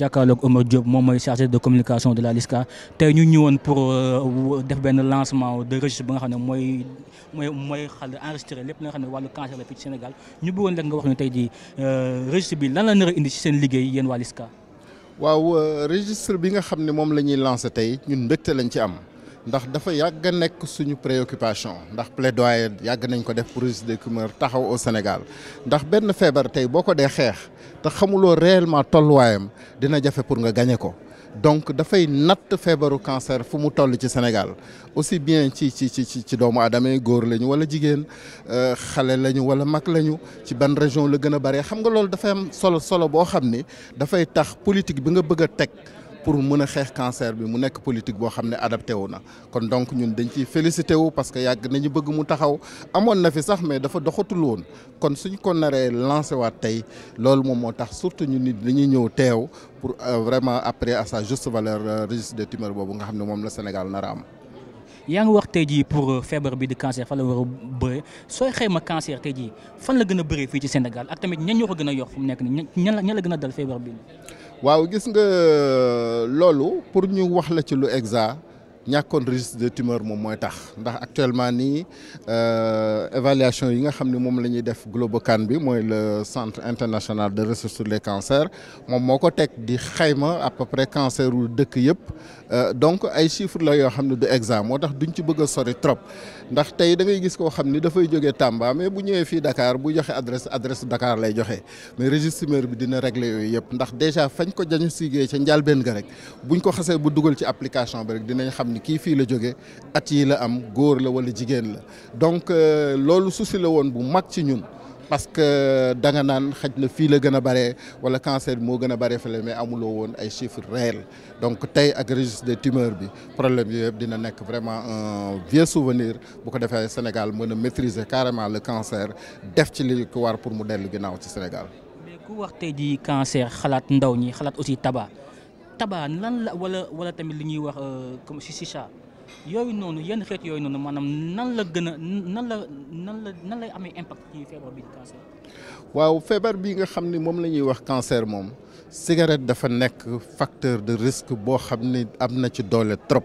jàkkaarloog Omar Diop moom mooy chargé de communication de la LISCA tey ñu ñëwoon pour euh, def benn lancement de registre bi nga xam ne mooy mooy mooy xal enregistré lépp li nga xam ne wàllu cancer la fii ci Sénégal ñu bëggoon rek nga wax ñu tey jii euh, registre bi lan la nar indi ci seen liggéey yéen waa LISCA waaw euh, registre bi nga xam ne moom la ñuy lancé tey ñun mbégte lañ ci am ndax dafa yàgg a nekk suñu préoccupation ndax doy yàgg nañ ko def pour registre des fumeurs taxaw au Sénégal ndax benn feebar tey boo ko dee xeex te xamuloo réellement tolluwaayam dina jafe pour nga gañe ko donc dafay natt feebaru cancer fu mu toll ci Sénégal aussi bien ci ci ci ci doomu aadama yi góor lañu wala jigéen euh, xale lañu wala mag lañu ci ban région la gën a bare xam nga loolu dafay am solo solo boo xam ni dafay tax politique bi nga bëgg a teg. pour mën a xeex cancer bi mu nekk politique boo xam ne adapté na kon donc ñun dañ ciy félicité parce que yàgg nañu bëgg mu taxaw amoon na fi sax mais dafa doxatul woon kon suñ ko naree lancé tey loolu moom moo tax surtout ñun nit dañuy ñëw teew pour euh, vraiment après à sa juste valeur euh, registre des tumeurs boobu nga a am. Euh, feebar bi di cancer fan la war a bëre sooy xayma cancer tey jii fan la gën a bëree fii ci Sénégal ak tamit ñan ñoo ko gën a yox mu nekk ñan la gën a dal feebar bi. waaw gis nga loolu pour ñu wax la ci lu exa ñàkkoon registre de tumeur moom mooy tax ndax actuellement nii euh, évaluation yi nga xam ne moom la ñuy def Globocan bi mooy le centre international de recherche sur les cancers moom moo ko teg di xayma à peu près wu dëkk yëpp euh, donc ay chiffres la yoo xam ne du exam moo tax duñ ci bëgg sori trop ndax tey dangay gis koo xam ni dafay jóge Tamba mais bu ñëwee fii Dakar bu joxe adresse adresse Dakar lay joxe mais registre tumeur bi dina régler yooyu yëpp ndax déjà fañ ko jañu sigee ca njàlbeen ga rek buñ ko xasee bu dugal ci application bi rek ni kii fii la jóge at yi la am góor la wala jigéen la donc euh, loolu souci la woon bu mag ci ñun parce que da nga naan xaj na fii la gën a bare wala cancer bi moo gën a bare fële mais amuloo woon ay chiffres réels donc tey ak registre des bi problème yooyu yëpp dina nekk vraiment un vieux souvenir bu ko defee Sénégal mën a maîtriser carrément le cancer def ci li ko war pour mu dellu ginnaaw ci Sénégal. mais ku wax tey jii cancer xalaat ndaw ñi xalaat aussi taba lan la wala wala tamit li ñuy wax euh, comme si shisha yooyu noonu yenn xeet yooyu noonu maanaam nan la gën a nan la nan la nan lay amee impact ci feebar bi cancer. waaw feebar bi nga xam ni moom la ñuy wax cancer moom cigarette dafa nekk facteur de risque boo xam ne am na ci doole trop.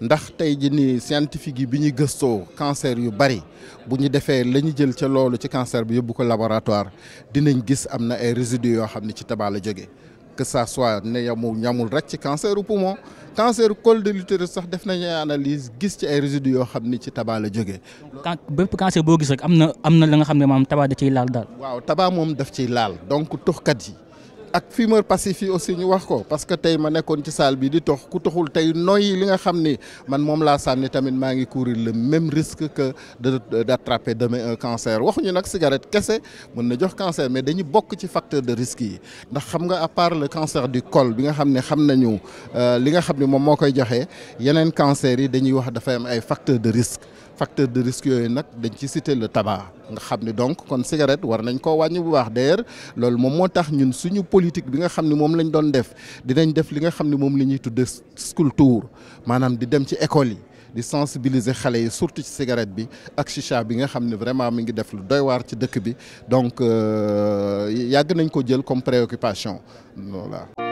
ndax tey ji ni scientifique yi bi ñu gëstoo cancer yu bari bu ñu defee la ñu jël ca loolu ci cancer bi yóbbu ko laboratoire dinañ gis am na ay résidus yoo xam ne ci tabac la jóge que ça soit ne yamul ñamul rek ci cancer poumon cancer col de l'utérus sax def nañu analyse gis ci ay résidus yoo xam ni ci tabac la jógee. kan bépp cancer boo gis rek am na am na la nga xam ne maanaam tabac da ciy laal daal. waaw moom daf ci laal donc tuxkat yi. ak fumeur passif yi aussi ñu wax ko parce que tey ma nekkoon ci salle bi di tox ku toxul tey noyyi li nga xam ni man moom laa sànni tamit maa ngi courir le même risque que de d'attraper cancer waxuñu nag cigarette kese mën na jox cancer mais dañu bokk ci facteur de risque yi ndax xam nga à part le cancer du col bi nga xam ne xam nañu euh, li nga xam ne moom moo koy joxe yeneen cancer yi dañuy wax dafa am ay facteur de risque facteur de risque yooyu nag dañ ci citer le tabac nga xam ne donc kon cigarette war nañ koo wàññi bu baax d'ailleurs loolu moom moo tax ñun suñu politique bi nga xam ne moom lañ doon def dinañ def li nga xam ne moom la ñuy tudde school maanaam di dem ci école yi di sensibiliser xale yi surtout ci cigarette bi ak chicha bi nga xam ne vraiment mu ngi def lu doy waar ci dëkk bi donc euh, yàgg nañ ko jël comme préoccupation voilà